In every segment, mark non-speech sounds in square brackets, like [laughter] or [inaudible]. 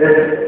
Yes.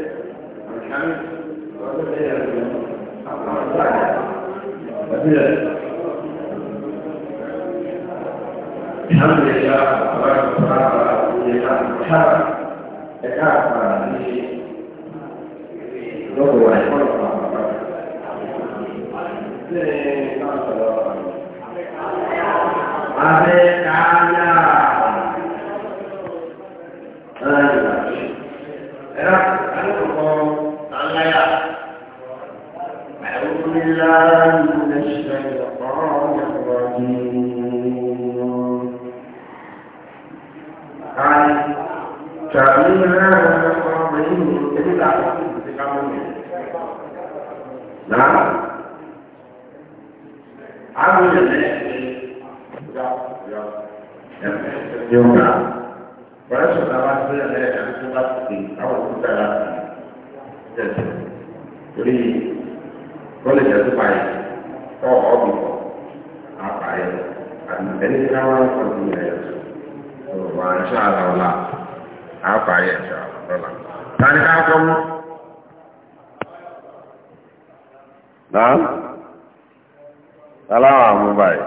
نعم سلام مباي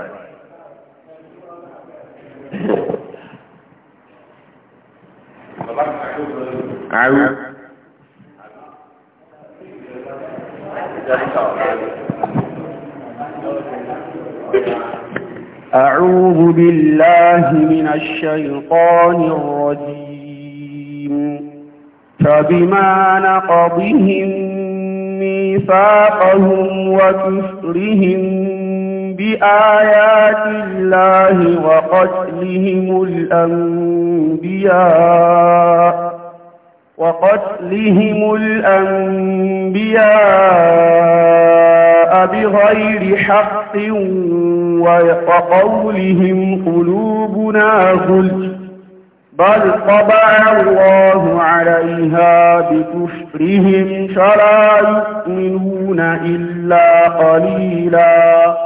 أعوذ بالله من الشيطان الرجيم فبما نقضهم ميثاقهم وكفرهم بآيات الله وقتلهم الأنبياء وقتلهم الأنبياء بغير حق وقولهم قلوبنا غلف بل طبع الله عليها بكفرهم فلا يؤمنون إلا قليلا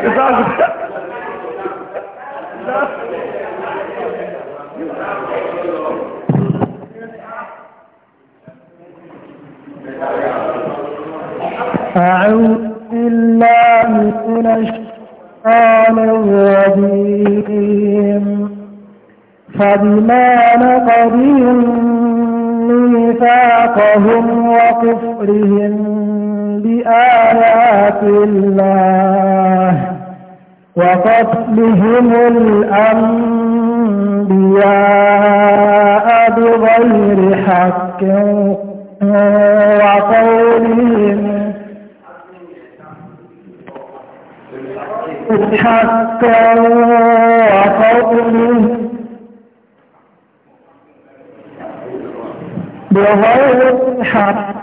It's [laughs] awesome. أعوذ بالله من الشيطان الرجيم فبما نقضهم ميثاقهم وكفرهم بآيات الله وقتلهم الأنبياء بغير حق حقا وفضله بغير حق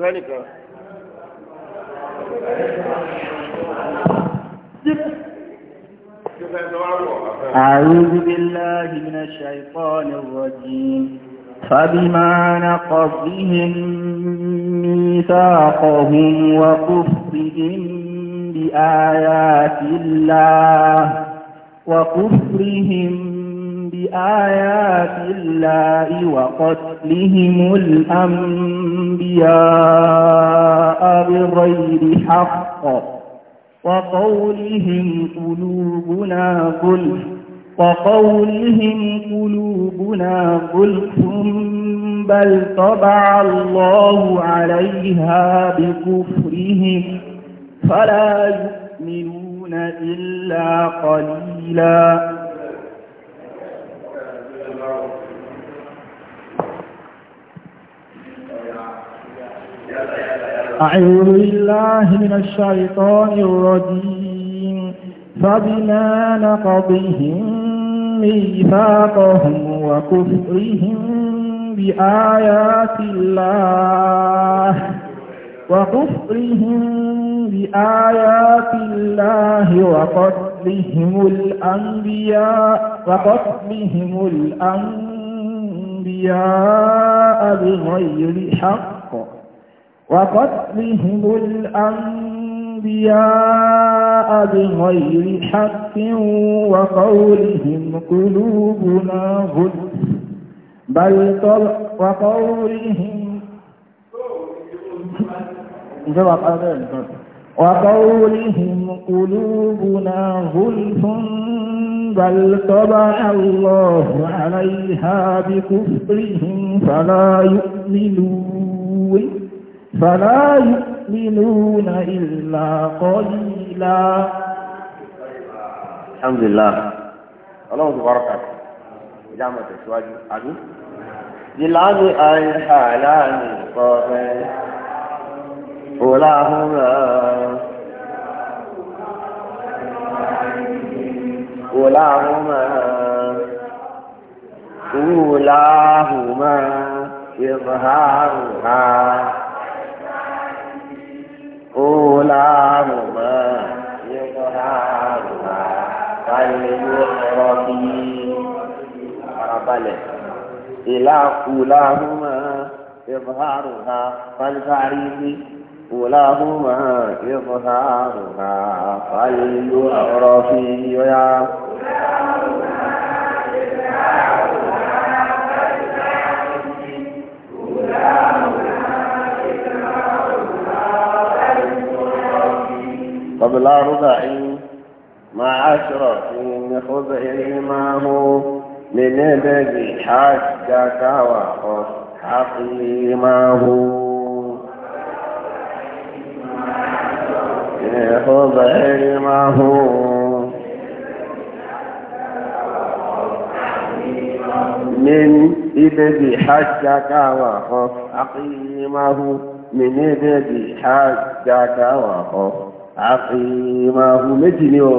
ṣe nìkan. أعوذ بالله من الشيطان الرجيم فبما نقضهم ميثاقهم وكفرهم بآيات الله وكفرهم بآيات الله وقتلهم الأنبياء بغير حق وقولهم قلوبنا قل وقولهم قلوبنا غلف بل طبع الله عليها بكفرهم فلا يؤمنون إلا قليلاً أعوذ بالله من الشيطان الرجيم فبما نقضهم ميثاقهم وكفرهم بآيات الله وكفرهم بآيات الله وقتلهم الأنبياء وقتلهم الأنبياء بغير حق وقتلهم الأنبياء بغير حق وقولهم قلوبنا غلف بل وقولهم وقولهم قلوبنا غلف بل طبع الله عليها بكفرهم فلا يؤمنون فلا يؤمنون إلا قليلا الحمد لله الله تبارك وتعالى جامعة السواج عدو للعب هما قبل هما أولاهما هما إظهارها أولاهما يظهرهما فليحرم ربنا إلى أولاهما إظهارها فالفريق أولاهما إظهارها فليعرف يا واضرب مع عشرة خذ هو من ابن حجك وخذ حقيمه خذ هو من ابن حجك وخذ حقيمه من ابن حجك وخذ àfihàn méjì ni ọ.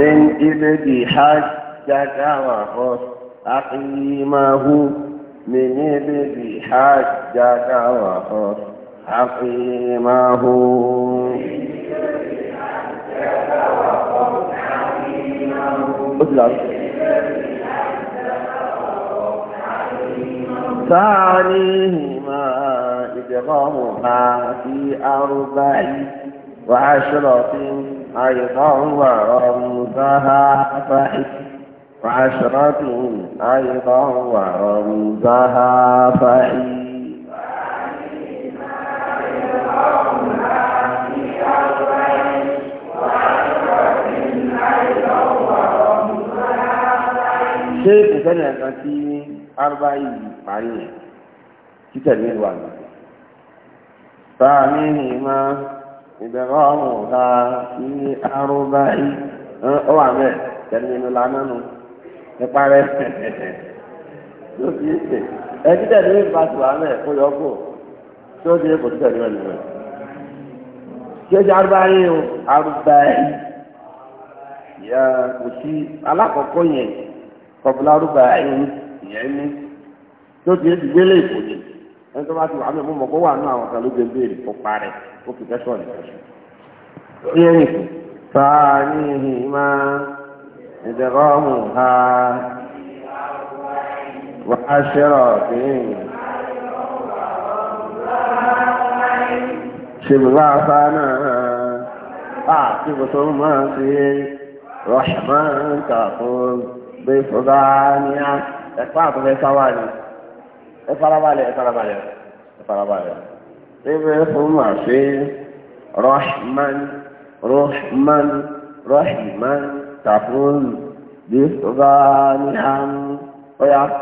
من إبد حجك وخص أقيمه من إبد حجك وخص حقيمه مثل ثانيهما إجرامها في أربع وعشرة أيضا ورمزها فحسب وعشرة أيضا ورمزها فعيد ṣé kò sẹ́ni ẹ̀ka tí arúgbá parí yẹn títẹ̀lé ìlú àná. Sáàmì ìmọ̀ ìbẹ̀rẹ̀ ọ̀hún ọ̀gá sí arúgbá yìí ọ wà bẹ́ẹ̀ tẹ̀lé ìlú lánàá nù nípa rẹ̀ lókè ètè ẹ títẹ̀lé ìbá tù wà bẹ́ẹ̀ kó yọ kó tí ó ti kò títẹ̀lé ìlú rẹ̀. Ṣéṣe arúgbá yìí o arúgbá yìí kò sí alákọ̀ọ́kọ́ yẹn kọ̀ọ̀bùlá arúgbá yìí yẹn ní tó ti ti gbélé ìkò ní ẹni tó bá ti wà á mẹ́mú mọ̀ kó wà nù àwọn kan ló gbé béèrè kó parẹ́ kó fi kẹ́sọ̀ ní kẹ́sọ̀. ìrìn kù sáàní ìhìnmá ìdẹ̀rọ̀mù ha wà á ṣẹ́rọ̀ bíi. ṣèlúwà fáná àti bùsùn máa ń ṣe rọ̀ṣẹ̀ máa ń kà fún bí fúdà ní àtúnfẹ́ sáwà ni. اطلب عليه اطلب عليه اطلب عليه ابنهما في رحمن رحمن رحمن تقول بسبانهم ويعرف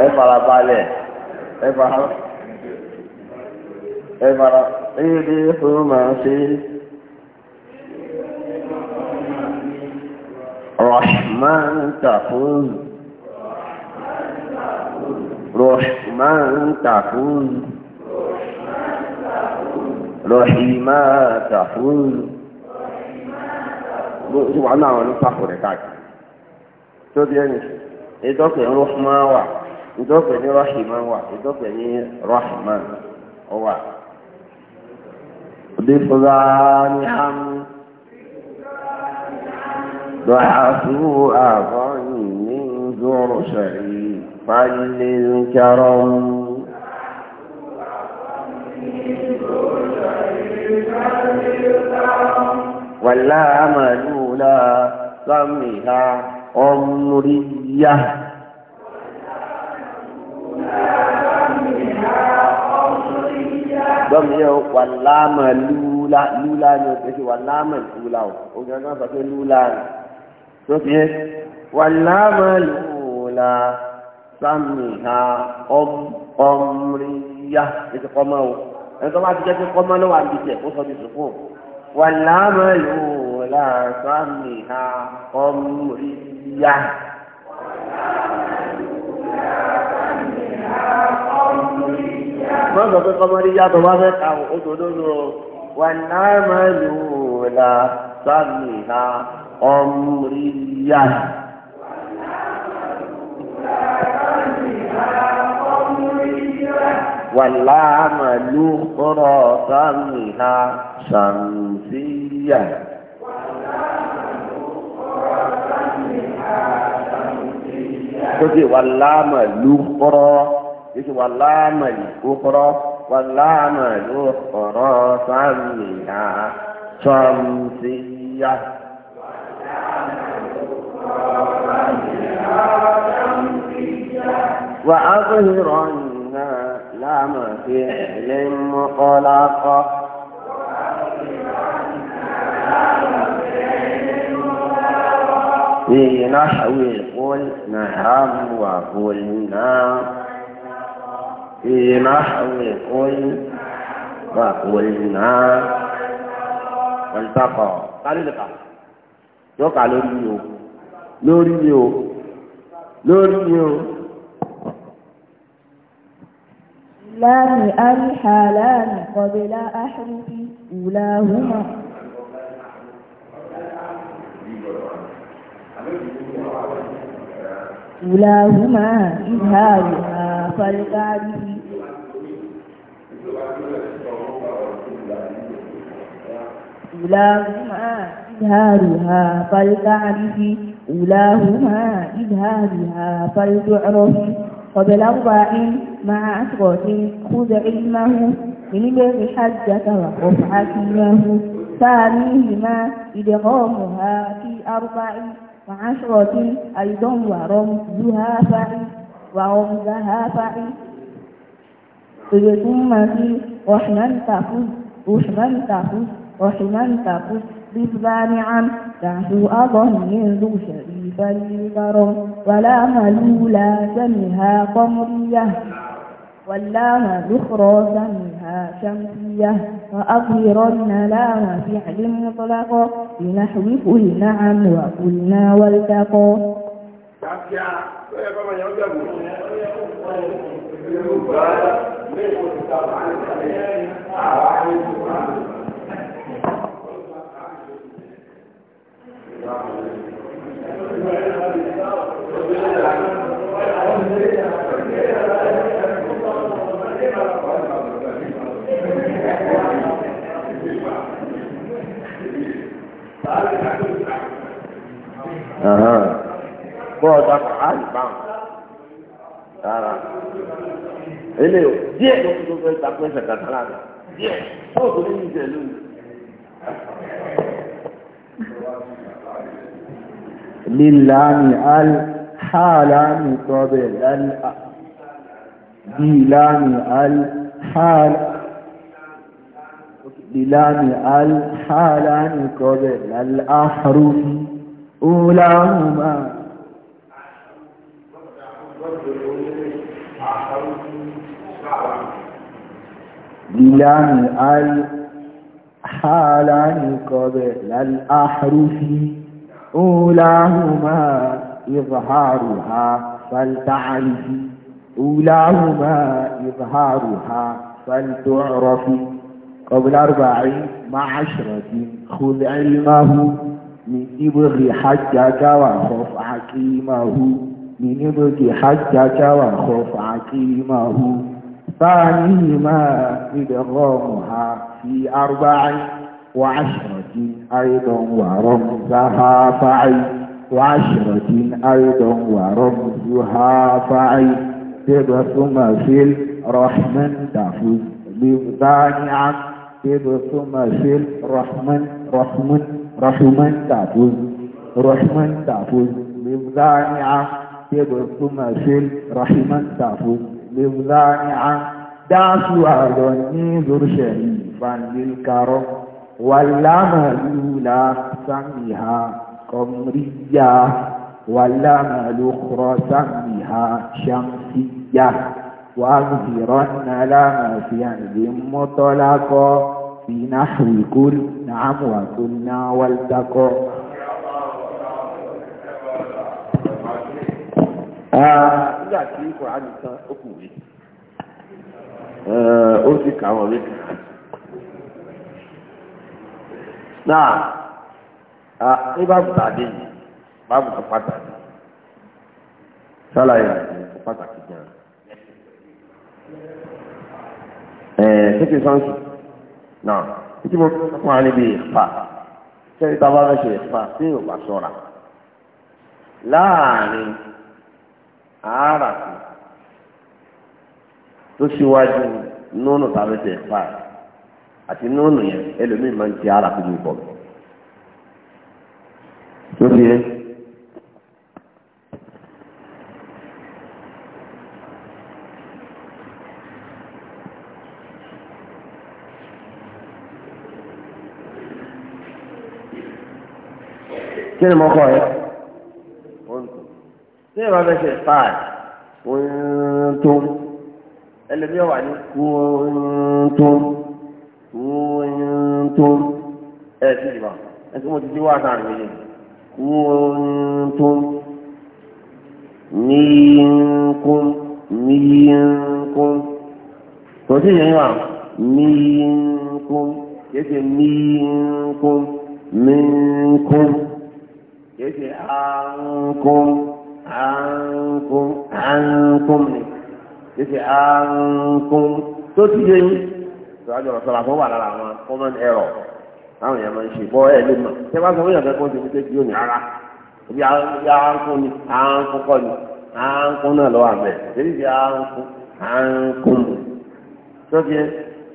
اطلب عليه اطلب عليه اطلب عليه اطلب عليه اطلب عليه اطلب عليه اطلب عليه رحمن تفوز رحمن تفوز رحيما تفوز gbogbo àwọn àwọn onípàkó rẹ̀ káàkiri tó bí ẹni ìdọ́pẹ̀ ń rọ́ọ̀mà wà ìdọ́pẹ̀ ní rọ́ọ̀hìmá ضعفوا أعطاني من ذو شيء فل ولا ملولا سمها عمرية gbọ́n mi yẹ wà láàmà lúlá lúlá ni o kò ṣe wà láàmà lúlá o ògùn ẹgbẹ́ sọ lúlá ni tó ti yẹ wà láàmà lòlá sami ha ọmọrìyá ètò kọ́mọ o ẹni tó bá ti jẹ́ pé kọ́mọ ló wà níbi tẹ̀ kó sọ ti sùkúù wà láàmà lòlá sami ha ọmọrìyá. Mọ́sọ̀ pé kọ́mọrìyá tó bá fẹ́ ka òdodo lò wà láàmà lòlá sami ha. أمريا ولا الأخرى سمها شمسية ولا واللام الأخرى كتي ولا الأخرى واللام الأخرى شمسية وأظهرن لام فعل مطلق في نحو قل نعم وقلنا في نحو قل وقلنا والبقاء قالوا لك يقع له lórí ni o lórí ni o. láàmì àríhà láàmì kọ̀bẹ̀lá áhùrùkì ìlàhùmà. ìlàhùmà ìhàwùmà fàlùkàrí. ìlàhùmà ìhàrùhà fàlùkàrí. أولاهما إذهابها فلتعرف قبل أربع مع عشرة خذ علمه من بر حجك وقف عزمه ثانيهما إدغامها في أربع وعشرة أيضا ورمزها فعل ورمزها فعل ثم في رحما تفز رحما تفز رحما تفز بالبانعا تحت أظن ذو فريقر ولا ملولا سمها قمرية واللام ذخرى سمها شمسية وأظهرن لام فعل مطلق بنحو قل نعم وقلنا والتقى Thank you. Uh-huh. bọ́ọ̀dà àlè bá wọn rárá ilé o díẹ̀ ló tó fẹ́ takú ẹsẹ̀ kàtà lánàá díẹ̀ bóòtù ní ìjẹ́ lónìí. لله بلام الحال بلام الحالان قبل الأحرف أولاهما بلام الحالان قبل الأحرف أولاهما إظهارها فلتعرفي أولاهما إظهارها فلتعرف قبل أربعين مع عشرة خذ علمه من إبغ حجك وخف عقيمه من إبغ حجك وخف عقيمه ثانيهما إدغامها في أربعين وعشرة أيضا ورمزها فعي وعشرة أيضا ورمزها فعي تبص في الرحمن تعفوز بيبتعني عن تبص في الرحمن رحمن رحمن تعفوز رحمن تعفوز بيبتعني عن تبص في الرحمن تعفوز بيبتعني عن دعسوا أدني ذر شريفا للكرم ولا ملولا سميها قمرية ولنا الأخرى سميها شمسية وأظهرن ما في مطلقا في نحو كل نعم وكلنا والتقى nígbà tí kòránì tán ní báàbù tó pàtàkì sálàyé àti pàtàkì gan ẹ títí sáǹsì náà títí mo fún wa níbi ìfà sẹ́yìn tá a bá fẹ́ ṣe ìfà tí yóò bá sọ̀ra láàrin àárà tó ṣíwájú nínú tàbí tẹ̀ fà àti nínú yẹn ẹlòmíì máa ń ti àárà tó ní ìbọn kí mo kọ́ ẹ tí ìwà bẹ ṣe fàá kúntùn ẹlẹ́bí ọ̀wà ní kúntùn kúntùn ẹ ti dìbò ẹ tí mo ti di wá sáà rẹ yẹn kúntùn mínkún mínkún kò sí yẹn wà mínkún kí ẹ ṣe yóò ṣe àrùnkún àrùnkún ni yóò ṣe tó ti yẹ yín tó a jọrọ sọ̀rọ̀ àfọwọ́ àlára àwọn common error táwọn èèyàn máa ń ṣe bọ́ ẹ̀ ló mọ̀ tẹ́ bá sọ wọ́n yàn fẹ́ kó ṣe ní kéjì yóò ní ara ibi àrùnkún ni àrùnkún kọ́ ni àrùnkún náà lọ́wọ́ àmẹ́ èyí ṣe àrùnkún àrùnkún tó ti yẹ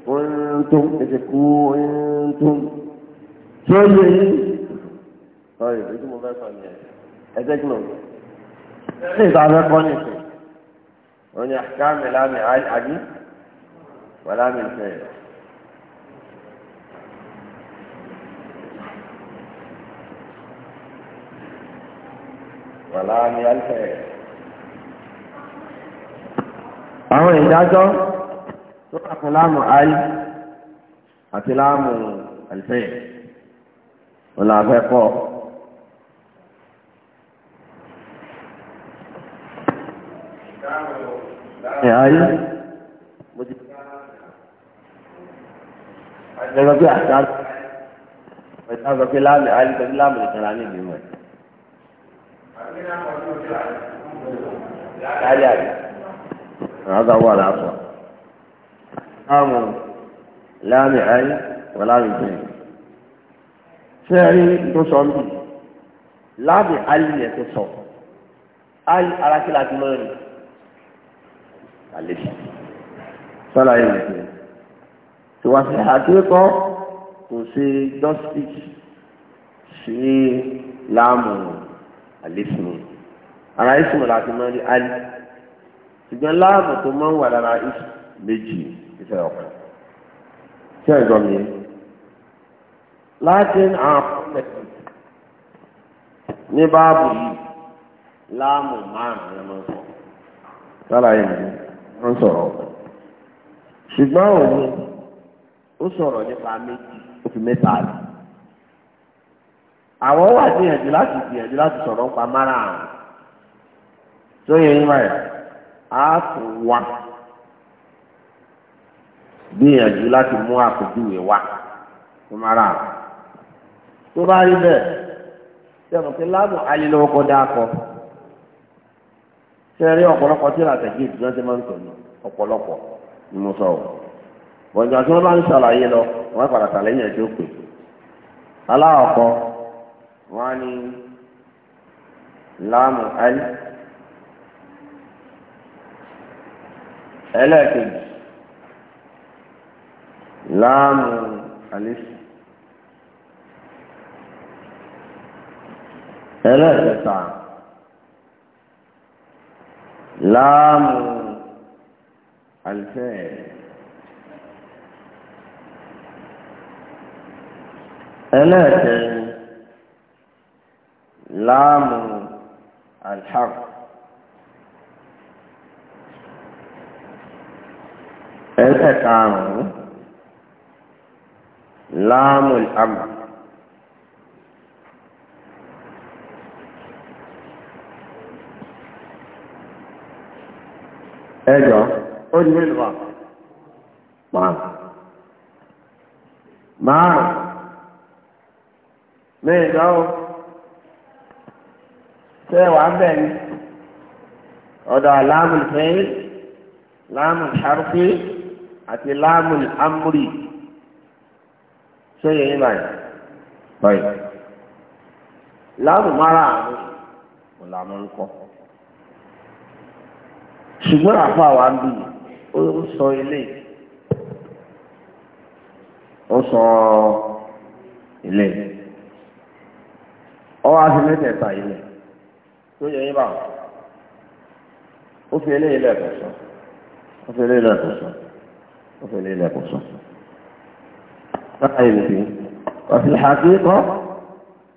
kó ń tún ètò kú ń tún tó yẹ yín sọ́ọ̀rì lójú mo fẹ́ sọ ní ẹ̀ ẹgbẹ́ tí mo gbọ́ ṣé ìsàfẹ́ kọ́ ní ìsìn wọ́n ní àkáàmì láàmì àdí wà láàmì ìfẹ́ rẹ̀. wàlámi alfẹ. àwọn ìdájọ́ tó wà fún láàmù àlì àti láàmù alfẹ. wọn làwọn fẹ́ ايه، ايوه لما في هذا في لام هذا هو العصر قام لام علم ولام جنين فعلي تصم لام علم يتصل علي على كلا تمام àlejò sọ́la yẹn lè tẹ̀lé tòwàsí àdúrókọ́ kò ṣe gnostic sí láàmù àlefùnù ara ìsìnmù láti máa rí alì ṣùgbọ́n láàmù tó máa ń wà lára ìsù méjì ìfẹ́ ọ̀kan tí ẹ̀gbọ́n mi látin àpọ̀lẹ̀ ní báàbù yìí láàmù márùn-ún ló máa ń sọ sọ́la yẹn lè tẹ̀lé. wọ́n sọ̀rọ̀ ṣùgbọ́n òní ó sọ̀rọ̀ nípa méjì mẹ́ta rẹ̀ àwọn wà mara àrùn tó yẹ yín báyìí á tún wá gbìyànjú láti mú àpèjúwe wá mara àrùn tó bá rí bẹ́ẹ̀ sẹ́rí ọ̀pọ̀lọpọ̀ tí ra tẹ̀jú ìdúná ṣe máa ń tọ̀nù ọ̀pọ̀lọpọ̀ ni mo sọ ọ́ tí wọ́n bá ń ṣàlàyé lọ wọ́n padà tàlẹ́yìn ẹ̀jẹ̀ òpè aláwọ̀kọ́ wọ́n á ní láàmù alí ẹlẹ́ẹ̀kejì láàmù alísì ẹlẹ́ẹ̀kẹta. láàmù alfẹ́ ẹlẹ́ẹ̀kẹ́ láàmù alhaq ẹlẹ́ẹ̀kàrùn-ún láàmù alhaq ẹjọ́ ó di mélòó wà máa mẹ́ẹ̀dọ́ ṣé wà á bẹ̀ ni ọ̀dọ̀ aláàmù fẹ́ẹ́ láàmù ṣàrùfẹ́ àti láàmù amúrì ṣé yẹn báyìí báyìí láàmù mara àwọn ọ̀làmù ń ṣùgbọ́n àfa wa ń bì ó sọ ilé ó sọ ilé ọ wá sí mẹ́tẹ̀ẹ̀ta ilé tó yẹ yín báwọn ó fi ilé ilé ẹ̀kọ́ sọ ó fi ilé ilé ẹ̀kọ́ sọ ó fi ilé ilé ẹ̀kọ́ sọ. báyìí nìyí ọ̀sìn àti kọ́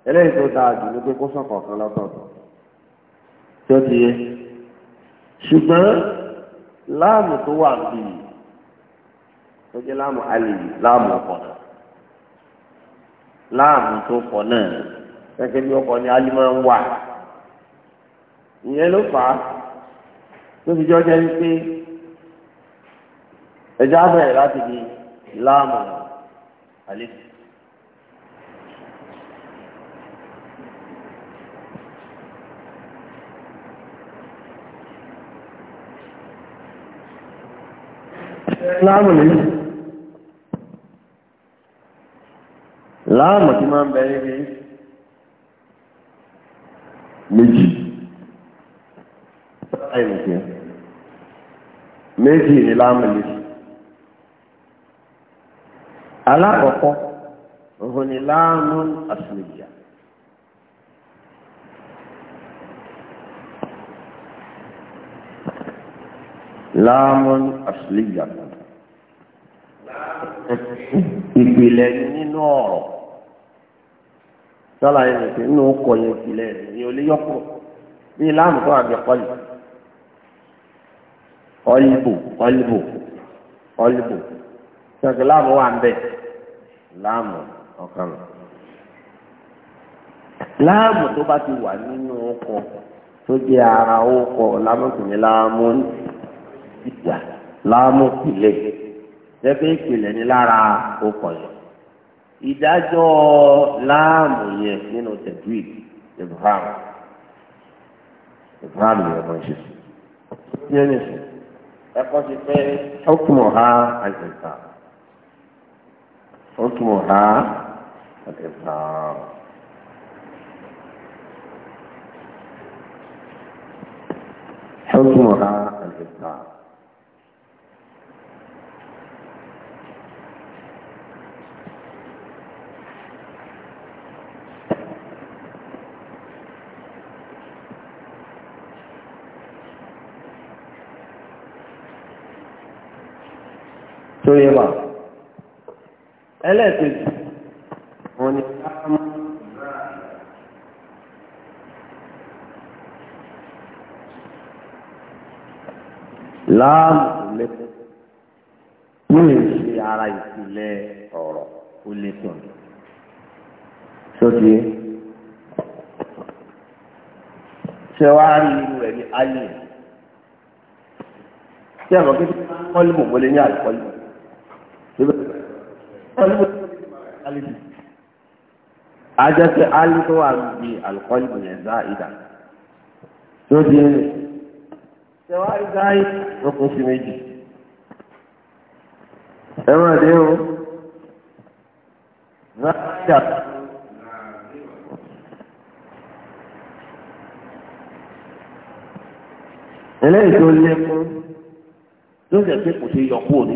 eléyìí tó dáa jù ní pé kó sọ̀kọ̀ kan lọ́tọ̀ọ̀tọ̀ tí ó ti yé ṣùgbọ́n láàmù tó wà bí tó jẹ́ láàmù alì láàmù ọkọ̀ náà láàmù tó kọ̀ náà gẹ́gẹ́ bí ọkọ̀ ni alì máa ń wà ìyẹn ló fà á tó fi jọ jẹ́ wípé ẹja bẹ̀rẹ̀ láti di láàmù alì. láàmù lèyí láàmù tí máa ń bẹ̀rẹ̀ rí méjì ẹnìkẹ́ méjì ni láàmù lèyí alákọ̀ọ́kọ́ òhun ni láàmù àtìlẹ́yà láàmù àtìlẹ́yà náà ìpìlẹ̀ nínú ọ̀rọ̀ sọ́la yẹn nìkan nínú ọkọ̀ yẹn ìpìlẹ̀ ní olè yọkọ̀ bí láàmù tó àgbẹ̀ kọ́lì ọ̀lìbò ọ̀lìbò ọ̀lìbò sọ̀kì láàmù wà ń bẹ̀ láàmù ọ̀kan láàmù tó bá ti wà nínú ọkọ̀ tó jẹ́ ara ọkọ̀ lámùkùnrin láàmù ìjà láàmù ìpìlẹ̀ jẹ́pẹ́ ìpìlẹ̀ ní lára okọ̀ yẹn ìdájọ́ láàmù yẹn nínú tẹ̀dúì ibrahim ibrahim yẹn mọ̀ ṣe sí yẹn ní sùn ẹ̀kọ́ ti pé ọkùnrin ọ̀há àgbẹ̀ta ọkùnrin ọ̀há àgbẹ̀ta. حكمها الإبطال sórí wa ẹlẹ́ẹ̀kejì wọn ni ká mú láàmù lé tó lè ṣe ara ìpìlẹ̀ ọ̀rọ̀ ó lè tàn sóde ṣe wá rí irú rẹ̀ ní alien ṣé ẹ̀mọ́ kí wọ́n kọ́lé mọ̀mọ́lé ní àlùkọ́lé ajẹ́sẹ̀ alìtọ́ wà ní alkọ́lù yẹn záìdá tó di ẹni tẹwàá záì ọkùn sí méjì ẹwọ́n àdé o záìdá eléyìí tó lékún tó jẹ́ pé kò sí yọkú òní.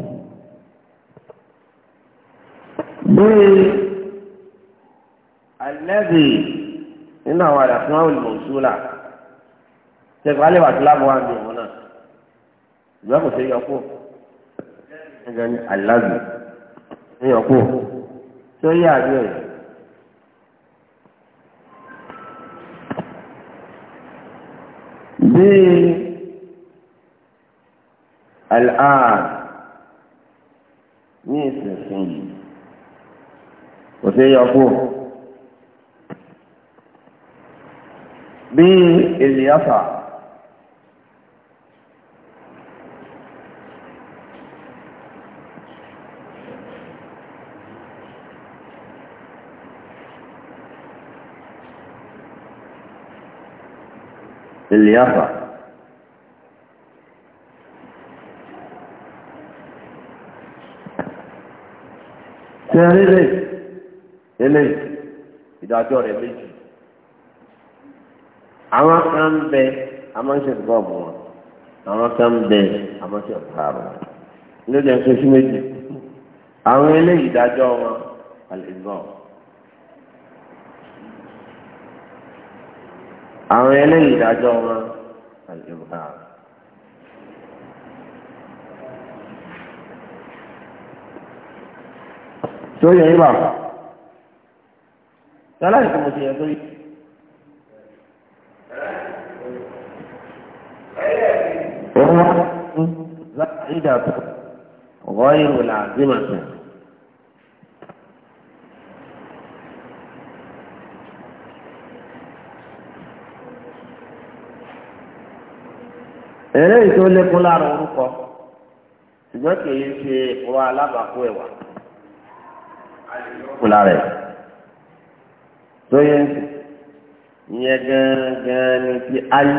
ìbéèrè alẹ́bì nínú àwọn àdàfún àwọn olùmọ̀ọ́sùlà ṣẹ̀fọ́ alẹ́ wàá tíláàbù wà ní ìwọ̀n náà ìgbà kò ṣe yọkù ẹ̀jẹ̀ ní alẹ́bì ní yọkù tí ó yẹ àjọ yìí. bí al'an ní ìsinsìnyí kò sí yọkú bí ìlíyàfà ìlíyàfà. Tẹ́rí eléyìí ìdájọ́ rẹ̀ méjì àwọn kan ń bẹ amáṣe bọ́ọ̀bù wọn àwọn kan ń bẹ amáṣe bọ́ọ̀bù wọn lórí ẹ̀sọ́ sí méjì àwọn eléyìí ìdájọ́ wọn àlejò àwọn eléyìí ìdájọ́ wọn àlejò bọ́ọ̀bù. tó yẹ ibà sọlá ní kò mo ti yẹ kó rí. زائدة غير لازمة eléyìí tó lékún lára orúkọ ṣùgbọ́n kì í ṣe ọ̀rọ̀ alábàákú ẹ̀wà kú lára ẹ̀ tóyẹ ìyẹn gángan ni ti ayé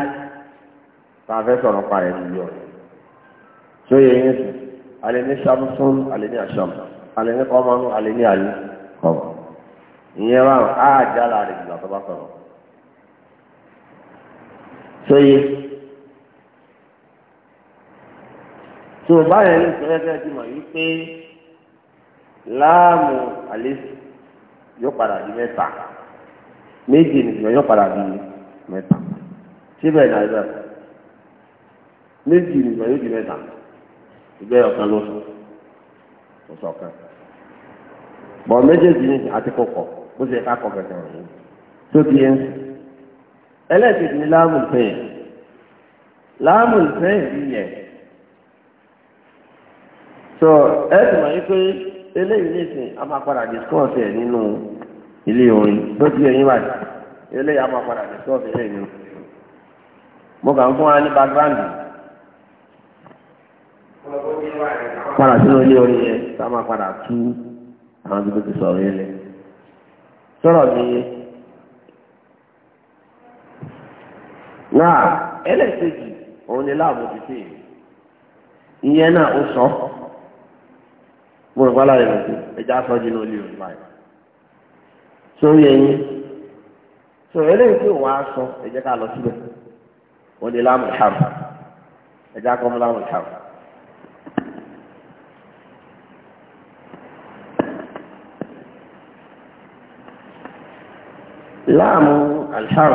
tá a fẹ́ sọ̀rọ̀ parí níbi ọ̀rẹ́ tóyẹ yẹn sùn alẹ́ ní sàmùsùn alẹ́ ní àṣàmù alẹ́ ní kọ́mọ́nù alẹ́ ní àlẹ́ kọ́mọ́ ìyẹn wà á jálá rẹ̀ jùlọ tó bá sọ̀rọ̀ tóyẹ. tó o bá yẹn ní sọ́yẹ́fẹ́ ti mọ̀ wípé láàmù àlẹ́ yóò padà di mẹ́ta méjì ni ìgbà yóò padà di mẹ́ta síbẹ̀ ní àìsàn méjì ni ìgbà yóò di mẹ́ta ìgbà yóò kan ló sọ kò sọ kan bọ̀ méjèèjì ni àti kọkọ bó ṣe ká kọ kẹkẹ rẹ tó di ẹ ń sùn ẹlẹ́ẹ̀kejì ni láàmù fẹ́ẹ̀ láàmù fẹ́ẹ̀ yìí yẹ so ẹ sì mọ̀ yí pé eléyìí ní ìsìn a máa padà discourse ẹ̀ nínú. ilé orin tó ti ẹ̀yìn wáyé ilé yàrá máa padà dìsọ́ọ̀sì ilé mi mo kàn fún wa ní bàgíráǹdì padà sínú ilé orin yẹn tá a máa padà tú àwọn tó ti sọ̀rọ̀ yẹn lẹ sọ̀rọ̀ mi yẹn náà ẹlẹ́sẹ̀jì òun ni láàbò ti tè ìyẹn náà ó sọ mo rò pálá rẹ̀ ẹja sọ́jú ní olè òun báyìí. sórí ẹyin so eléyìí tí òun sọ ká lọ si ó ní láàmú ìhàm ẹ jẹ́ akọ́mú láàmú ìhàm. láàmú alhàm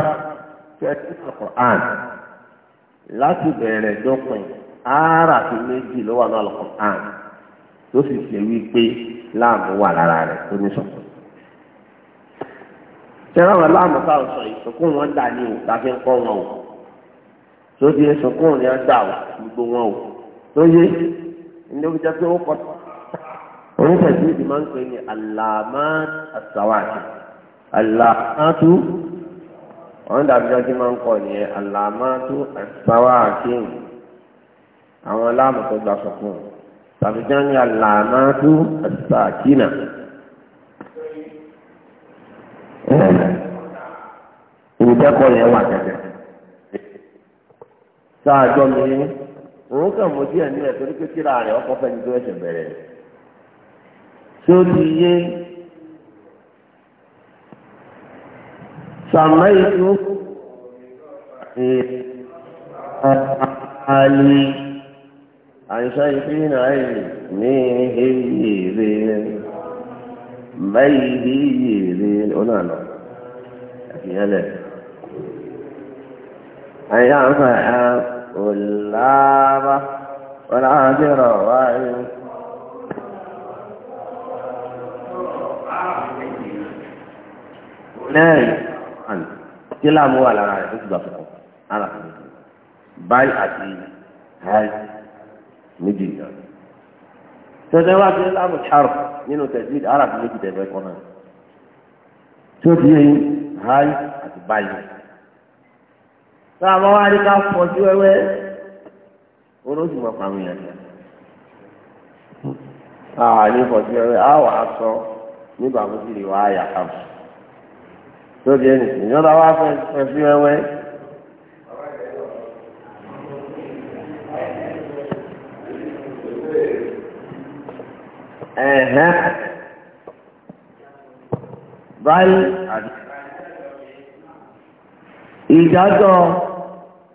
tí ẹ láti bẹ̀rẹ̀ dọ́pin ara ti méjì ló wà ní tó sì ṣe láàmú wà lára rẹ̀ tó ní tẹ́lá wọn láàmú ká sọ ìsọkún wọn dà ní o láti ń kọ́ wọn o lóde ìsọkún ni wọn dà o gbogbo wọn o lóye ní o jẹ́ pé ó kọ́ oníṣẹ́jú ìdí máa ń pè ní àlàmá àtàwàtì àlàmátú wọn dàbí jọ́jú máa ń kọ́ ní àlàmátú àtàwàtì àwọn aláàmú tó gbà sọkún tàbí jẹ́ ní àlàmátú àtàkínà. ìdẹ́kọ̀ yẹn wà tẹ̀tẹ̀. sọ àjọ mi òun kàn mọ díẹ̀ nílẹ̀ torí pé kíra rẹ̀ ọkọ̀ fẹ́ni tó ẹ̀sẹ̀ bẹ̀rẹ̀ rẹ̀. tí ti yé sàmáyé tó àlè àìsàn ìpínlẹ̀ àìlè ní èyí rẹ̀ báyìí bí yìí ọ̀nà àná àfihàn ايام ينفع كلاب والعاجر وعيد نعم كلاب هو على رأي اصدق على حمد باي أتي هاي مجيء تدوات الأمر الحرف تجديد عرب مجيء تبقى تو هاي أتبالي tó àwọn wá rí ká fọjú wẹ́wẹ́ olóṣù mọ̀ pàmò yẹn lọ. àà ní fọjú wẹ́wẹ́ á wà á sọ nígbà tó ti lè wá àyà kàbù lórí ẹni ìyọ́nà wá fẹ́ fún wẹ́wẹ́. ẹ̀hẹ́n báyìí ìdájọ́.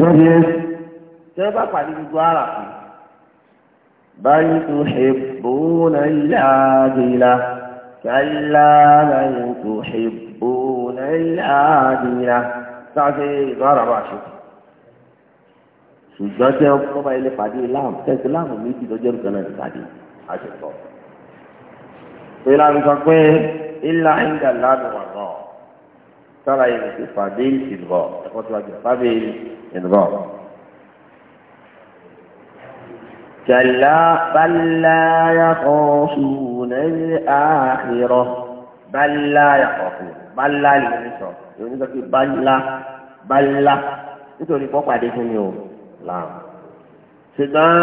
tóbi tẹ́ bá pàdé gbogbo ara fún báyìí tó ṣe bóòlà ìyáàdìlá kálá báyìí tó ṣe bóòlà ìyáàdìlá sáfẹ́ ìlú àràbà ṣe ṣùgbọ́n tẹ́ ọkọ̀ bá ilé pàdé láàmù tẹ́sí láàmù méjì lọ́jọ́ nìkan ti pàdé àṣetọ̀. ìlànà sọ pé ìlà ìgbà lánàá wà náà tọ́ra yìí ti fàdé ìdìbò ẹ̀kọ́ tó wájú fàdé ìdìbò. كلا بل لا يخافون الآخرة بل لا يخافون بل لا يخافون يعني بل لا بل لا nítorí pọ́ pàdé fún mi ò láàmù. ṣùgbọ́n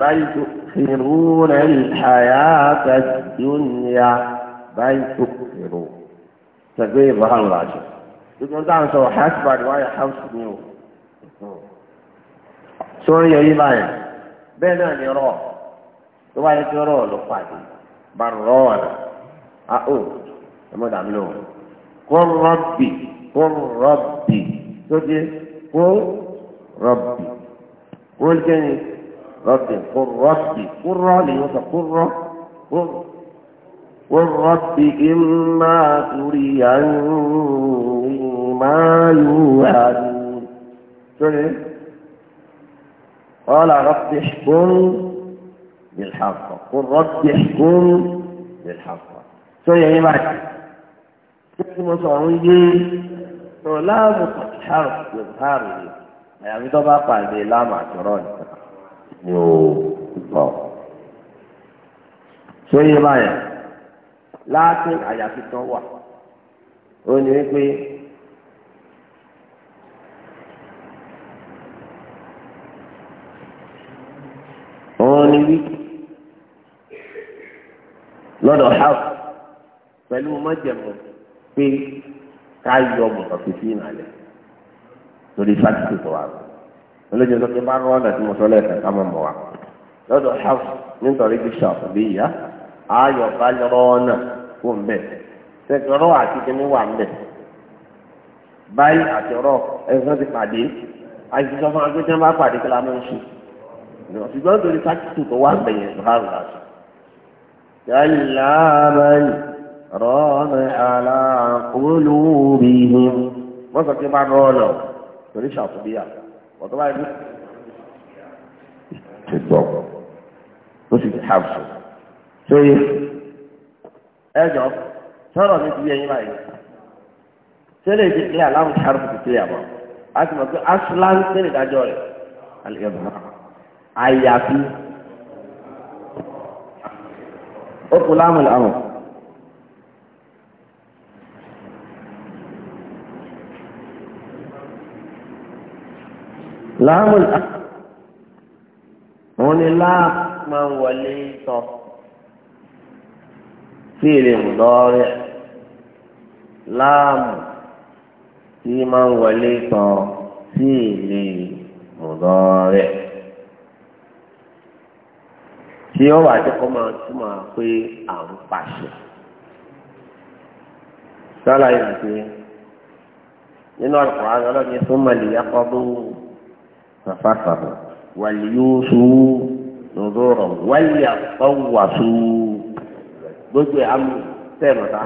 báyìí tó fìrú rẹ̀ ìhàyà àtàdúnyà báyìí tó fìrú sẹ̀gbẹ́ ibrahim làjọ gbogbo ń dáhùn sọ hasbad wáyà house ni o sórí yẹyí báyìí bẹ́ẹ̀ náà ni rọ tó wáyé tí rọ ló pàdé bá rọ wọn a ó ẹ mọ̀ dàmí lò kó rọ́bì kó rọ́bì tó dé kó rọ́bì kó jẹ́ ni rọ́bì kó rọ́bì kó rọ́ lè kó rọ́ kó rọ́. والرب إما مَا ما يوعدون قال رب احكم بالحق قل رب احكم بالحق سوري يا جماعة كلمة صعودية لام حرف يظهر لي يعني طبعا قال لي لام عشرون يو الله سوري يا جماعة láàkín àyàfi kan wà ó ní wípé òun ni wí lọ́dọ̀ house pẹ̀lú mọ́jẹ̀mọ́ pé ká yọ mọ̀tò fífi ìnàlẹ̀ lórí fásitì tó wà olójú ló ti bá rán ọ̀dà tí mo sọ lẹ́ẹ̀kan ká mọ̀ wá lọ́dọ̀ house nítorí bíṣọ̀pù bí ìyá ayọ̀ bá lọ́ọ́ náà kó ń bẹ̀ sẹ́kọ̀rọ̀ àti kìnnì wà ń bẹ̀ báyìí àti ọ̀rọ̀ ẹ̀sán ti pàdé àti sọ fún agbẹ́jọ́ bá pàdé kí la mọ̀ ń ṣe ṣùgbọ́n nítorí sákìtì tó wà ń bẹ̀ yẹn bá rà sí. kẹ́lá báyìí rọ́ọ̀nù àlà olóbìnrin wọ́n sọ pé bá rọ́ọ̀lọ̀ torí ṣàtúbíyà ọ̀tọ́ báyìí ti gbọ́ ó sì ti hàbùsùn. ẹjọ́ sọ̀rọ̀ mi ti yẹ yín báyìí sẹ́lẹ̀ ti kílẹ̀ aláwọ̀ tí arúgbó ti kílẹ̀ àbọ̀ a ti mọ̀ pé asúlán sẹ́lẹ̀ dájọ́ rẹ̀ alẹ́bàá àyàfi okùn láàmù làwọn. láàmù làwọn ni láàmù máa ń wọlé sọ. فعل مضارع لام فيما وليت فعل مضارع tí ó wà tí kò máa túmọ̀ pé à ń pàṣẹ. sọ́la yìí ti nínú ọ̀pọ̀ àwọn ọlọ́ọ̀ni tó mọ̀lì yàkọ́bù fàfàfàfà wàlíyóṣù lọ́dọ̀ọ̀rọ̀ wàlíyàpọ̀ wàṣù gbogbo ẹ̀ amú sẹ́ẹ̀mọ̀ tá.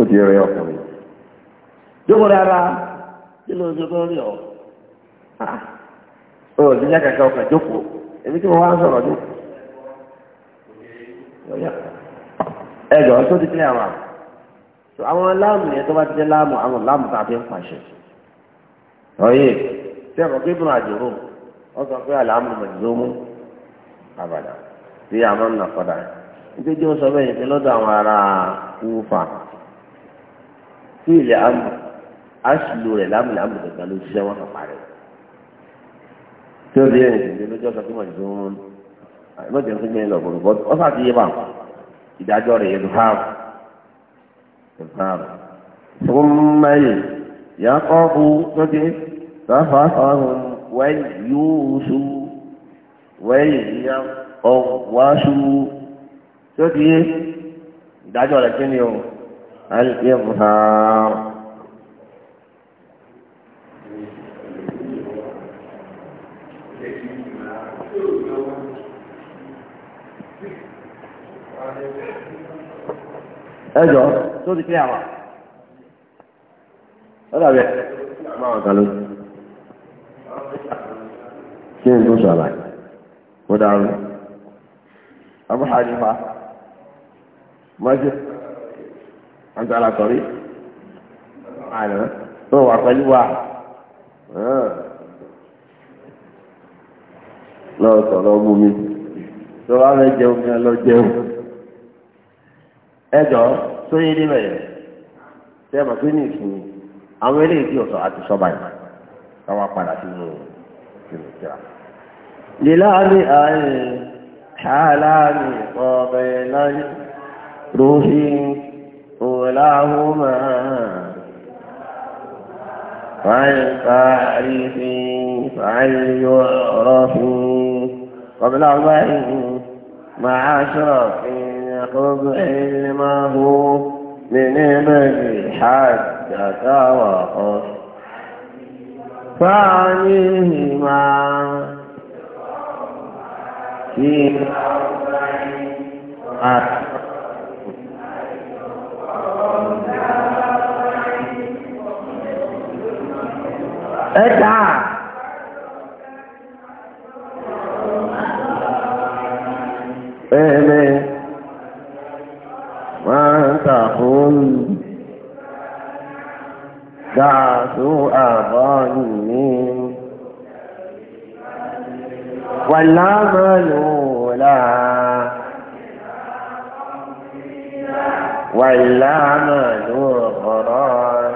ó ti rẹ ọkùnrin. jókòó rárá kí ló ń ṣe lórí ọ. ó ò ní yá kàkà ọkà jókòó èmi tí mo wá ń sọ̀rọ̀ jókòó. ẹ jọ̀ọ́ tó ti kílẹ̀ àwọn àmì àwọn láàmù yẹn tó bá ti jẹ́ láàmù àwọn láàmù tá a fi ń pàṣẹ. ọ̀yẹ́ tí a ibùdó àjòrò wọ́n sọ pé àlàmù mẹ̀dúnmú àbàdà tí a máa ń nà padà nítorí tí wọ́n sọ bẹ́ẹ̀ yẹn lọ́dọ̀ àwọn ará wúfà tí ilẹ̀ àmù aṣìlò rẹ̀ láàmù làmù gbẹ̀gbẹ̀ ló ṣiṣẹ́ wọn kàn parẹ́ tí ó di ẹ̀yìn tìǹbì lójọ́ sọ pé mẹ̀dúnmú àìmọ̀tẹ̀ fún mi lọ bọ̀rọ̀ bọ́ ìdájọ́ rẹ̀ yẹn lùfáàrù tó ń mẹ́yìn yàtọ̀ fún tó ti sáfà sáfà wẹ́lìyóòsù wẹ́lìyá ọ̀wáṣù tó ti yé ìdájọ́ rẹ̀ kí ni o alìkẹ́ mùsàárù. ẹjọ́ tó ti kí àwọn ọ̀dà máa wà kí n tó ṣàlàyé kó dárú Abu Hanifa mọ́jú àtàlà sọ̀rí àná tó wà pẹ̀lú wa lọ́wọ́ sọ̀rọ̀ ọmú mi tó wá fẹ́ jẹun ní ọlọ́ jẹun ẹjọ́ tó yé níbẹ̀ yẹn tẹ́ ẹ mọ̀ pé ní ìsìn àwọn eléyìí tí ọ̀sọ̀ àti sọ́ba yìí káwá padà sínú sínú tíra. líláàbí ààyè ṣáàláàbí ọ̀bẹ̀ láyé rúfí òláhùmá فالفاعل فيه فليعرف قبل أربعين مع أشرف خذ علمه من ابن حتى توقف ثانيهما في أربع ẹ̀dá. Ẹ̀mẹ́ máa ń tà fún dáa. سوء ظني والعمل لا والعمل غران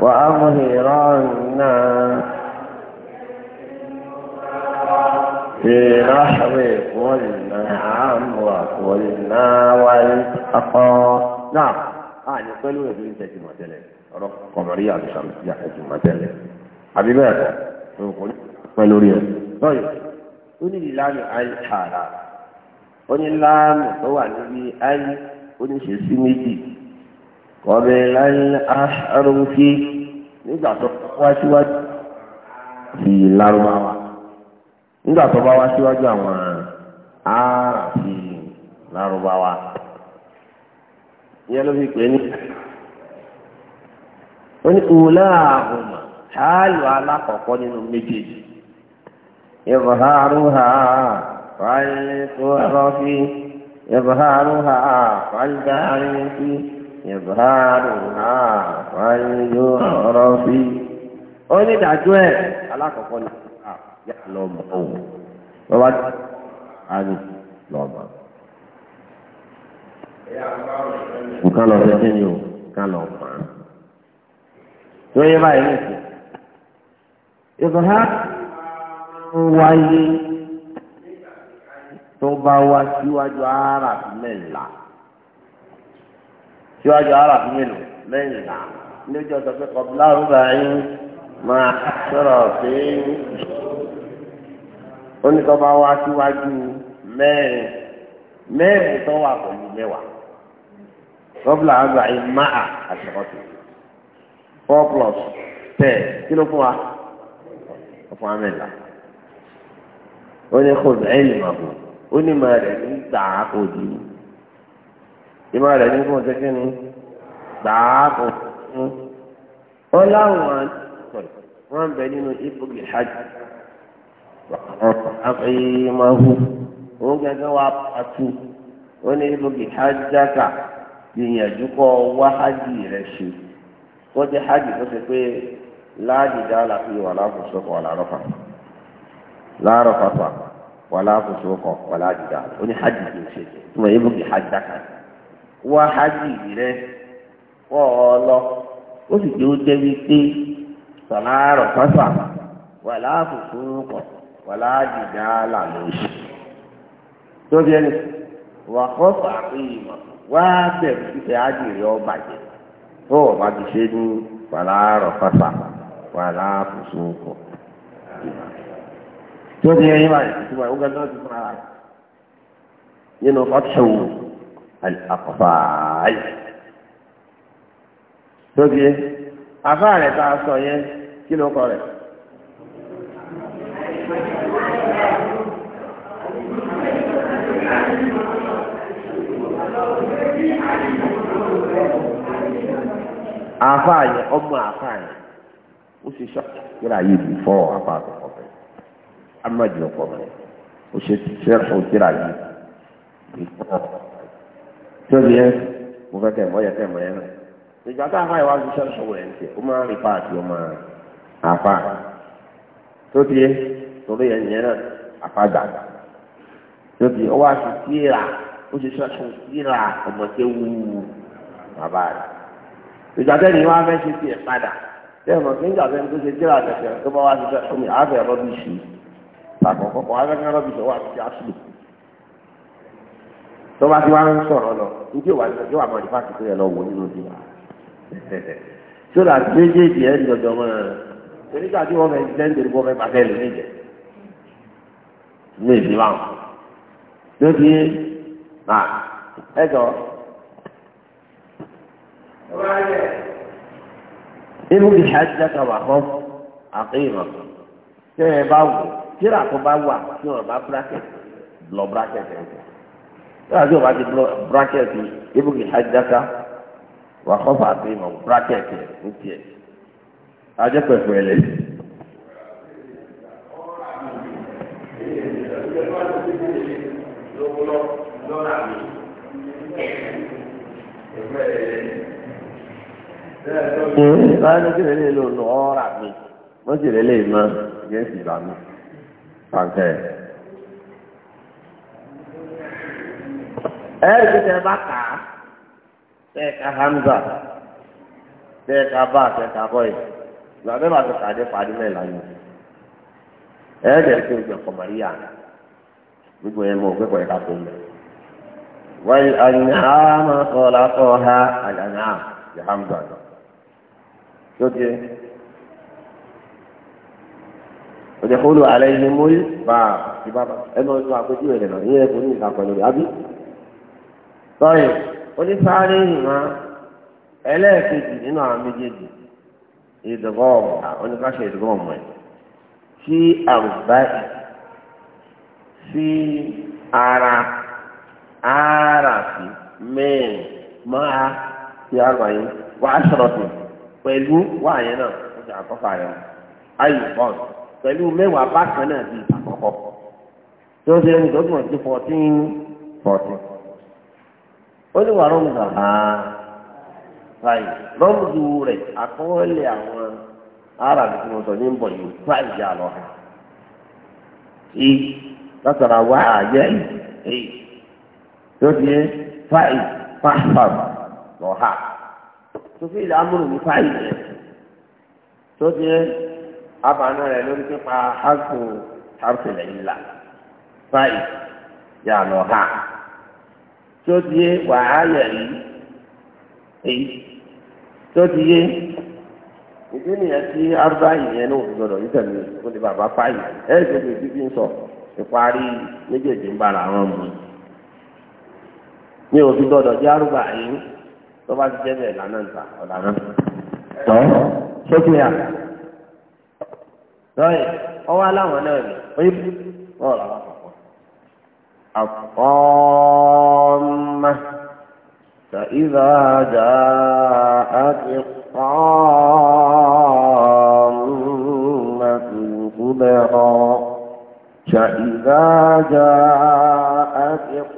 وأظهرنا في نحر كل نعم وكلنا والتقى نعم pẹ́ lórí ẹ̀dùn ìtẹ̀sí mọ̀tẹ́lẹ̀ ọ̀rọ̀ kọ̀mọ̀rí àdùsà ìtẹ̀sí àbí bẹ́ẹ̀ kọ́ nǹkan pẹ́ lórí ẹ̀ lọ́yọ̀ ó ní ìlànà àìsàrà ó ní láàmù tó wà níbi ó ní ṣe sí méjì kọ́bẹ láyé arúgbó nígbà tó wá síwájú sí lárúbáwá nígbà tó bá wá síwájú àwọn lárúbáwá. ìyẹn ló fi pè ní. ó ní òòlà ha alákọ̀ọ́kọ́ ha méjèèjì ìbùhárùhà fàlùtòrọ́fì ìbùhárùhà fàlùdàrẹ́fì ìbùhárùhà fàlùdòrọ́fì. ó ha, ìdájọ́ ẹ̀ ha ah, nǹkan lọ fẹ́ kí ni o nǹkan lọ fà á. tó yẹ báyìí nìkan ìfọ̀há ń wáyé tó bá wá síwájú ara mẹ́la síwájú ara mélòó mẹ́la lójú ọ̀sán pé kọ̀bílá rúbà máa sọ̀rọ̀ pé ó ní tó bá wá síwájú mẹ́rin mẹ́rin tó wà pẹ̀lú mẹ́wàá rọ́bìlà àgbà ìmáà àṣàkọ́tì four plus ten kí ló fún wa ọ̀fọ̀ amẹ́la ó ní kò bẹ́ẹ̀ lè máa bọ̀ ó ní máa rẹ̀ ní gbà á kò dì í ìmọ̀ rẹ̀ ní fún ṣẹ́kẹ́ ni gbà á kò fún ó láwọn wọn bẹ nínú ipò ìhàjì àfẹ́yìmáhù òun gẹ́gẹ́ wà pàtó ó ní ipò ìhàjì jákà. gbìyànjú kọ́ wá hajj rẹ ṣe kó jẹ́ hajj tó ṣe pé láàjì láti wà láàkóso kọ̀ ọ̀là rọ́fà láàrọ̀ fàtà wà láàkóso kọ̀ wà láàjì ó ní hajj tó ṣe tó mọ̀ yébùn kì hajj dáka wá rẹ ọ lọ ó sì ó wípé wà láàkóso wà làlóṣù tó bí ẹni wà kọ́ wá bẹ̀rù síbẹ̀ ájìrì ọba jẹ tó ọba ti ṣe ní wàláàrọ̀ fàfà wàláàfùsù kọ̀ tó ti yẹn báyìí tó báyìí ó gẹ́gẹ́ náà ti fún ara rẹ̀ nínú fàtúṣòwò àkọ́fàáyì tó ti yẹ afáàrẹ̀ tá a sọ yẹn kí ló kọ rẹ̀. àáfàá yẹn ọmọ àáfàá yẹn ó ṣe ṣọ́ọ̀kì kíra yìí bí fọ́ apá àkọ́kọ́ bẹ́ẹ̀ amájú ọkọ̀ bẹ́ẹ̀ ó ṣe ṣẹ́fù kíra yìí bí fọ́ tóbi yẹn mo fẹ́ kẹ́ mọ́ yẹ kẹ́ mọ́ yẹn náà ìgbà tá àáfàá yẹn wá sí ṣẹ́fù rẹ̀ ń tẹ̀ ó máa ń rí páàkì ọmọ àáfàá tóbi yẹn torí yẹn yẹn náà àfàgbà tóbi ọwọ́ àti kíra ó ṣe ṣọ́ọ̀kì kíra ọmọ tẹ́ wú bàbá rẹ̀ ìjàdẹ́ ni wọ́n á fẹ́ ṣe tiẹ̀ padà bẹ́ẹ̀ mọ̀ kí ń tó ṣe tíra àtẹ̀tẹ̀ tó bá wá ti fẹ́ omi àáfẹ́ rọ́bìṣì àkọ́kọ́ kọ́ afẹ́fẹ́ rọ́bìṣì wà ti àṣìlò tó bá ti wá ń sọ̀rọ̀ lọ níbi ìwà ìjọ àmọ́ ìfàkì tó yẹ lọ wò nínú ìdíwà sódà [laughs] méjèèjì ẹ̀ ń jọjọ mọ́ tí wọ́n fẹ́ jẹ́ nítorí wọ́n fẹ́ pàtẹ́ lò níjẹ̀ ní ìdíwà wọn ló ti ẹ jọ nínú ìhàjì dákàwà kan àkéèyàn tẹ ẹ bá wò tíra tó bá wà tí wọn bá bracket lọ bracket ẹ tí wọn bá ti bracket wà bracket ní ìwé eh, báyọ̀ kí lélẹ̀ ló nù ọ́rà mi wọ́n sì lélẹ̀ mọ́ ìyẹn sì bá mi pàǹkẹ́. ẹ ẹ tẹ bá kà á Hamza bá bọ́ì lọ́dẹ́ bá kàdé mẹ́la yìí o kọ̀mọ̀ríyà gbogbo mọ̀ tó Hamza lóde òde kúlù alẹ́ ilé mórí bá ìbá ẹnu ọdún àpéjúwe rẹ̀ náà ìyẹn kò ní ìta pẹ̀lú àbí. sọ́yì onífàárì ìmọ̀ ẹlẹ́ẹ̀kejì nínú àwọn méjèèjì ìdùgbọ́ ọ̀mà oníkàṣẹ ìdùgbọ́ ọ̀mà ẹ̀ sí àrùbáì sí ara ara sí mẹ́rin máa ti àrùbáyé wàá sọ̀rọ̀ tó. pẹ̀lú wáyé náà ó ti àkọ́kọ́ rẹ̀ ayò bọ́ọ̀n pẹ̀lú mẹ́wàá bákan náà di àkọ́kọ́ tí ó ṣe ń dọ́gbọ̀n sí fourteen fourteen ó ní wà rọ́mù gàmà báyìí rọ́mù rẹ̀ àkọọ́lẹ̀ àwọn ará sọ ní bọ̀ lọ hàn látara wá èyí tó ti sofi ilẹ̀ amúrù ní fáìlì yẹn tó ti yẹ abàánú rẹ̀ lórí pípa harfu harfu lẹ́yìn la ha tó ti yẹ wàhálà yìí èyí ti ìdí arúgbá ìyẹn náà gbọ́dọ̀ yìí tẹ̀lé kó bàbá fáìlì ẹ̀ ẹ́ ṣe fi ń sọ ìparí méjèèjì ń bára wọn ní òfin gbọ́dọ̀ jẹ́ arúgbá yìí. tó bá ti jẹ́ bẹ́ẹ̀ lánàá nta ọ̀làná. tọ́ ṣókè à lọ́yẹ̀ ọwọ́ aláwọ̀ náà rè oyè wọ́n rà wá pàpọ̀. àkọ́ọ́mà ṣàìdá àjà àti قامت الكبرى فإذا جاءت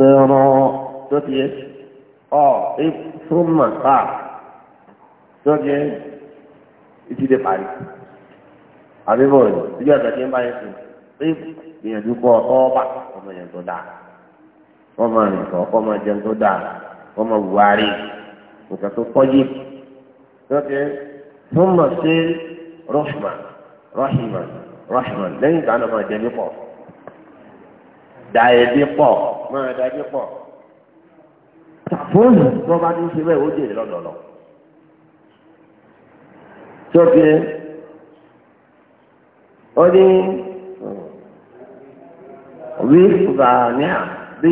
خبرا دوتي ايش اه ايه ثم اه دوتي ايش ìdí lè parí àbíbọ̀ rẹ̀ ìdí ọ̀sẹ̀ tí ń bá yẹn sùn pé gbìyànjú kọ́ ọ́ọ́bà ọmọ yẹn tó dáa ọmọ rìn kọ́ ọmọ jẹun tó dáa ọmọ buhari nǹkan tó pọ́jì lọ́kẹ́ tó mọ̀ sí rọ́ṣmà rọ́ṣmà rọ́ṣmà lẹ́yìn ìgbà náà máa jẹ nípọ̀ dàyẹ̀ nípọ̀ máa dájú pọ̀ fóònù tó bá ti ń ṣe bẹ́ẹ̀ ó jèrè lọ́dọọlọ tó fi ó ní wí gbàníà bí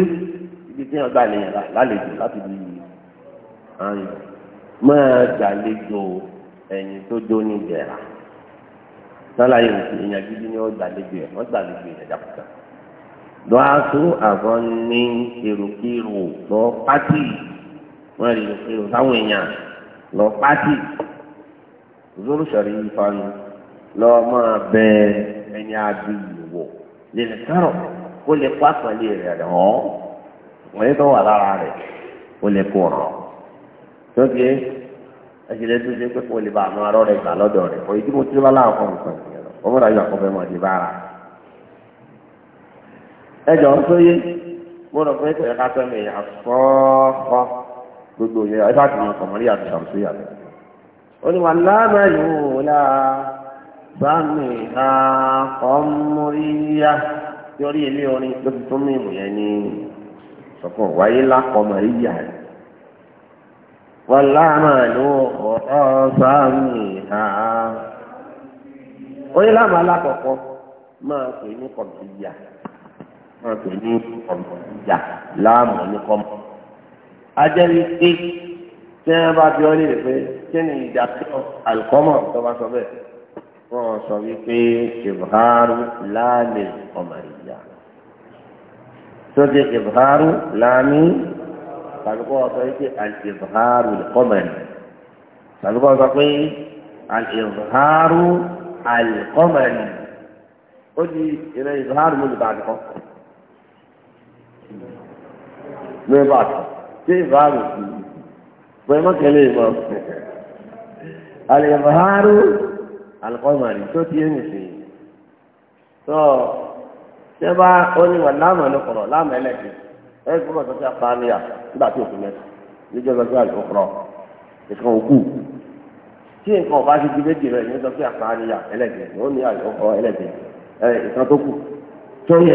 ibi tí wọn gbà lẹ́yìn lálejò láti bí àyàn máa gbàlejò ẹ̀yìn tó dó ní ìjẹ̀rà sálàyé èèyàn gidi ni wọn gbàlejò ẹ wọn gbàlejò ìjẹjà kúta dọ́àtú àbọ̀n ní kìrùkìrù lọ pátì wọ́n rí kìrù táwọn èèyàn lọ pátì zoro sari ifanu lọ máa bẹ ẹni adi wò lè kárọ̀ kó lè kó àpàlẹ́ rẹ̀ rẹ̀ hàn wọ́n yẹ kó wà lára rẹ̀ kó lè kó rọ̀ tó kí ẹsìlẹ tó ṣe pé kó lè bá àwọn arọ rẹ̀ gbà lọ́dọ̀ rẹ̀ òyìnbó tí wọ́n láwọn kan nǹkan ìyẹn lọ ọmọdé ayọ̀ àkọ́fẹ́ mọ̀ ní bára ẹjọ́ ń sóyé mo rò pé ẹ̀ka sẹ́mi àfọ́ọ́kọ́ gbogbo yẹn ẹ bá ti mọ kọ̀mọ́rí àti sàmùsí àti. ó ní wà lábẹ́ yòówù la sami ha kọ́mọ́ríyá yọrí ilé orin ló ti tún mímu yẹn ní sọ̀kan wáyé lákọ̀mọ́ríyá rẹ̀. wà lábẹ́ yòówù ọ̀ sami ó ní lábẹ́ alákọ̀ọ́kọ́ máa pè ní kọ̀mọ́ríyá wọn pè ní ọ̀nà ìjà láàmú ní kọ́mọ. ajẹ́rí pé tí wọ́n bá bí ọ́lẹ́ rẹ̀ pé kí ni ìdájọ́ àlùkọ́mọ̀ tó bá sọ bẹ́ẹ̀ wọ́n sọ wípé ìbáru láàlẹ̀ ọmọ ìjà tó dé ìbáru láàmì sọ wípé àìsèbáru kọ́mẹ̀rì tàbí kọ́ sọ pé àìsèbáru àìkọ́mẹ̀rì ó di ìrẹ́ ìbáru ló lè bá a kọ́ mẹ́bà kan tí ìbáàrù sí pẹ̀lú mọ́kànlẹ̀ ìmọ̀ alìbáàrù alìkọ́mọ̀rì tó ti ẹ̀mí sí i tó ṣé bá ó ní wà láàmú ẹlẹ́kọ̀rọ̀ láàmú ẹlẹ́kẹ̀ ẹ̀rí kúrò tó ṣe àpáníyà nígbà tí òfin mẹ́ta níjọ́ lọ́jọ́ àlùkọ̀rọ̀ ìkan òkú tí nǹkan ọba ṣe di méjì rẹ̀ ní sọ pé àpáníyà ẹlẹ́kẹ̀ ó ní àlùkọ̀rọ̀ ẹlẹ́kẹ̀ ìkan tó kù tó yẹ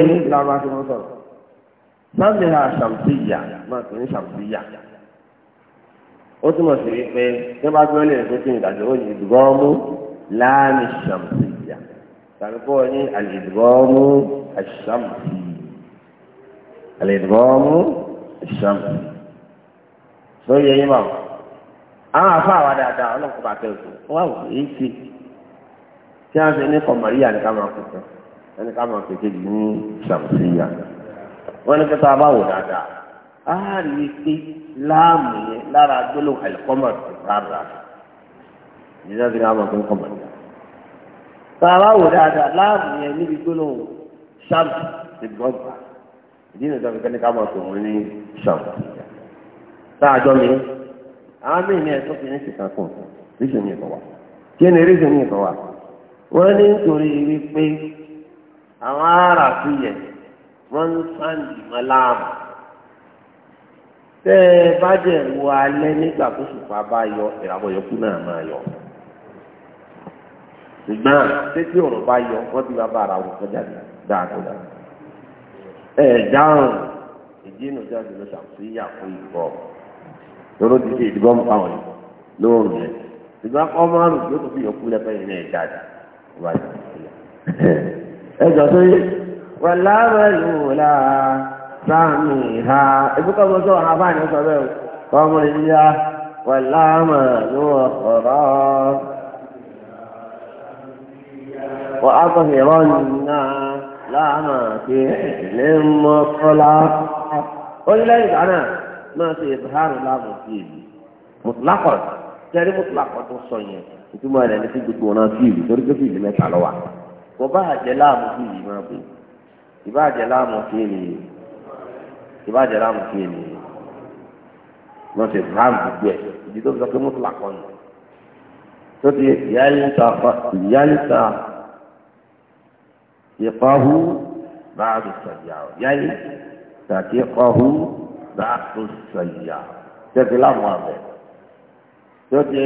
sábìlà ṣàmùsíyà máa tún ní ṣàmùsíyà ó túmọ̀ sí wípé tí wọ́n bá gbé lè tó tún ìdájọ́ ó ní ìdúgọ́mú láàmì ṣàmùsíyà tàbí kó o ní àlèdúgọ́mú àṣàmùsí àlèdúgọ́mú àṣàmùsí tó yẹ yín máa àwọn afọ àwa dáadáa ọlọ́kùnrin bá tẹ̀ òkú wọ́n wà èyí ti tí wọ́n ṣe ní kọ̀mọ̀ríyà ní ká máa kó tán ẹni ká máa pèsè ní wọ́n ní pẹ́tọ́ abáwò dáadáa á rí i pé láàmù yẹn lára gbólóhùn àlùkọ́mọ̀tì rárá ìdílé bí láàmù ọ̀gbìn kọ́mọ̀tì rárá. tààrà wò dáadáa láàmù yẹn níbi gbólóhùn ṣáàmù ti gbọ́gbà ìdí ìrìnàjò fi kẹ́ni ká mọ̀ tó wọn ní ṣáàmù. sáàjọ mi àwọn míì ní ẹ̀sùn fi ní ṣìkan kùn ríṣù ní ìkọ̀wà kí ni ríṣù ní ìkọ̀wà wọ́n ní nítorí wípé àwọn ará fi yẹn wọ́n ń sáǹdì mọ́ láàmú. tẹ́ ẹ bá jẹ́ wo alẹ́ nígbà tó sùpá bá yọ ìràwọ̀ yọkú náà máa yọ. ṣùgbọ́n tẹ́tí ọ̀rọ̀ bá yọ wọ́n ti bá bá ara wọn kọjá dáadáa. ẹ dáhùn ìdínú jáde ló ṣàkóso fún ìbọn lọ́rọ́ ti ṣe ìdìbọn fáwọn yìí lóòrùn yẹn ṣùgbọ́n ọmọ àrùn tó tún fi yọkú lẹ́fẹ̀ẹ́ yìí náà jáde. ẹ jọ sóyè wàlámẹ́lúwòlá sáàmì ha ìbúkọ̀ mọ́ sọ́wọ́n abáàní sọ bẹ́ẹ̀ ọmọ ìyá wàlámẹ́lúwòlá wà á kọ́ sí ìrọ́ nínú láàmà sí ilé mọ́kọ́lá ó ní lẹ́yìn ìgbà náà máa ṣe ìbáàrù láàmù sí ìlú mùtùlákọ̀ tẹ́rí mùtùlákọ̀ tó sọ yẹn ìtumọ̀ rẹ̀ ní sí gbogbo náà sí ìlú torí pé sí ìlú mẹ́ta lọ́wọ́ kò bá àjẹ́ láàmù sí ìlú máa bẹ̀rẹ̀ ìbáàjẹ́ láàmú kí ènìyàn ìbáàjẹ́ láàmú kí ènìyàn wọ́n ti ram gbogbo ẹ̀ ìdí tó fi sọ pé mọ́tò làkọ́ ni tó ti yálìta ìkọ́hu báàdù sàyà yálìta ìkọ́hu báàdù sàyà tẹ́tí láàmú àbẹ̀ tó ti.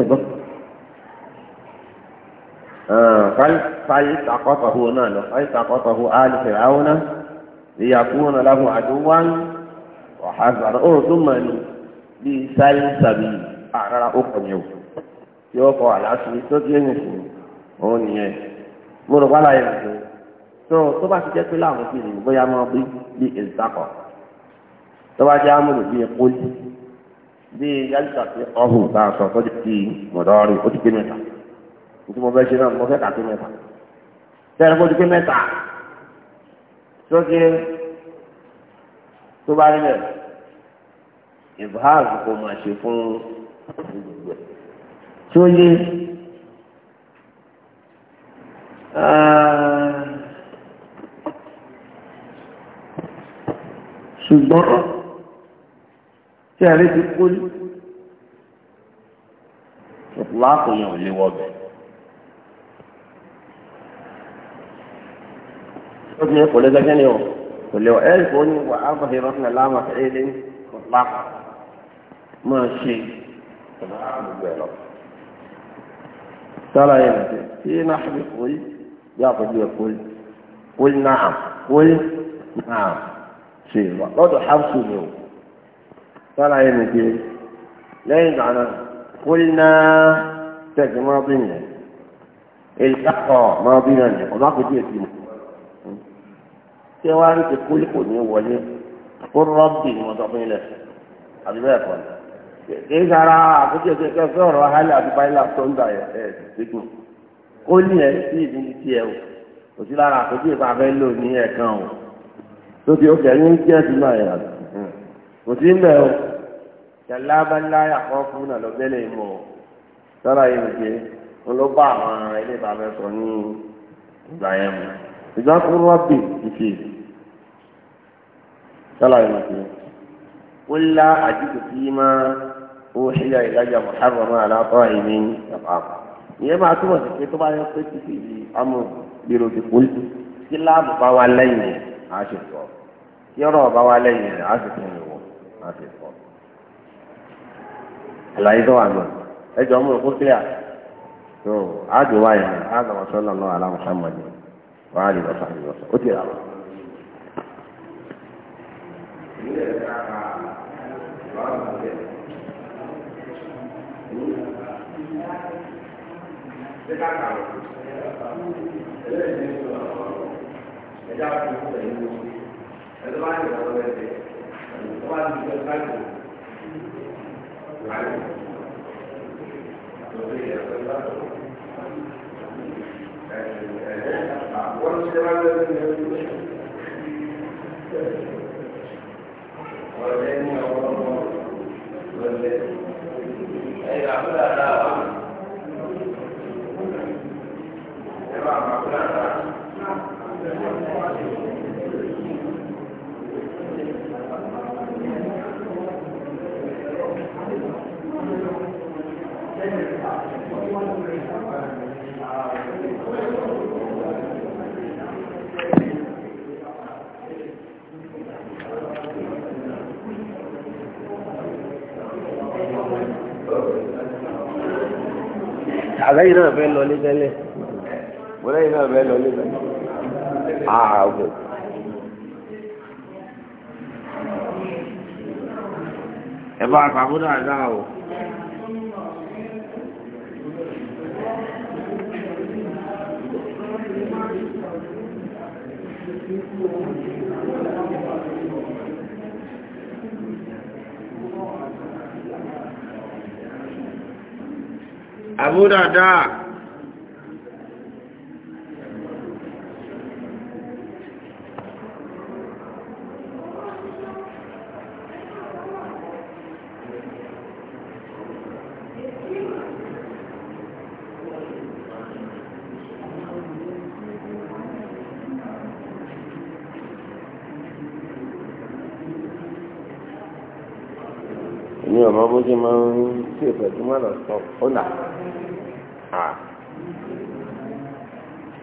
ẹ̀gbọ́n fáyé sàkọ́tọ̀hu náà lọ fáyé sàkọ́tọ̀hu áàlì fìràwọn náà ìyàkú náà lágùn àdúgbò ọ̀hásàrà ó tún mọ̀ ní bí sáyé sàbí àrárá ó kọ̀ yẹ̀wò tí ó kọ àlàáfíà tó dé nìkan òun nìyẹn mo rò wálá yẹn nìkan tó tó bá ti jẹ́ pé láwọn fi rìn bóyá máa gbé bí ìsàkọ̀ tó bá jẹ́ àmúlò bí ẹ̀kọ́ yìí bí yálùsà pé ọ̀hún tá sọ tó ti mọ̀dọ́rì ó ti pé mẹ́ta nítorí mo fẹ́ ṣe náà mo fẹ́ kà pé mẹ́ta tẹ́lẹ̀ kó ti pé mẹ́ta sókè tó bá nílẹ̀ ìbáàgì kò máa ṣe fún gbogbo tí ó yé ṣùgbọ́n. سهري تقول إطلاق يوم لوضع قلنا يقول إذا كان يوم قل لو إيه ألفون وأظهرتنا لا مفعيل إطلاق ما شيء ترى إيه يوم في نحو قل يا قل يقول قل نعم قل نعم شيء لو تحرصوا اليوم sára ẹnì kí lẹ́yìn ìgbà náà kúlínà tẹ̀sí máa bí yẹn ìlàkọ̀ máa bí yẹn yẹn ọ̀nà àkójú èsì mọ̀ tí wọ́n á rí ti kúlí kò ní wọlé kó rọ́bì ni wọ́n sọ fún ilẹ̀ àti bẹ́ẹ̀ kọ́ ni kì í sara àkójú èsì kẹfẹ́ ọ̀rọ̀ hálẹ̀ àti tó ń dà ẹ̀ ẹ̀ sígun ó ní ẹ̀ sí ìdí kò sí mbẹ o jàlá bá ńlá yàtọ̀ fún nàlọ́ bẹ́lẹ̀ mọ̀ sára yìí nìké wọn ló bá mu ìgbà tó wá bì ìfì sára yìí nìké wọ́n lá àdìgbò tí máa ó ṣíyà ìlàjà mọ̀hábà máa látọ̀ ìní àpapọ̀ ìyẹn máa má fi pọ̀ àlàyé tó wà nù ẹ jọ mú un kílíà tó àjò wáyà àgbà wọn sọlọ lọ àlà Muhammad wàá lè lọ sàmì lọ ó ti rà wọn. Thank you. wá ní ìjọ báyìí láyé lórí ẹ̀rọ ìbátan. lẹ́yìn náà fẹ́ lọ lébẹ́lẹ̀. mo lẹ́yìn náà fẹ́ lọ lébẹ́lẹ̀. ààbò. Ah, ẹ bá àpamọ́ náà dá o. àbó dáadáa ní ọmọ bó ṣe máa ń ṣe ìfẹ̀dúmọ́ lọ sọ ọ́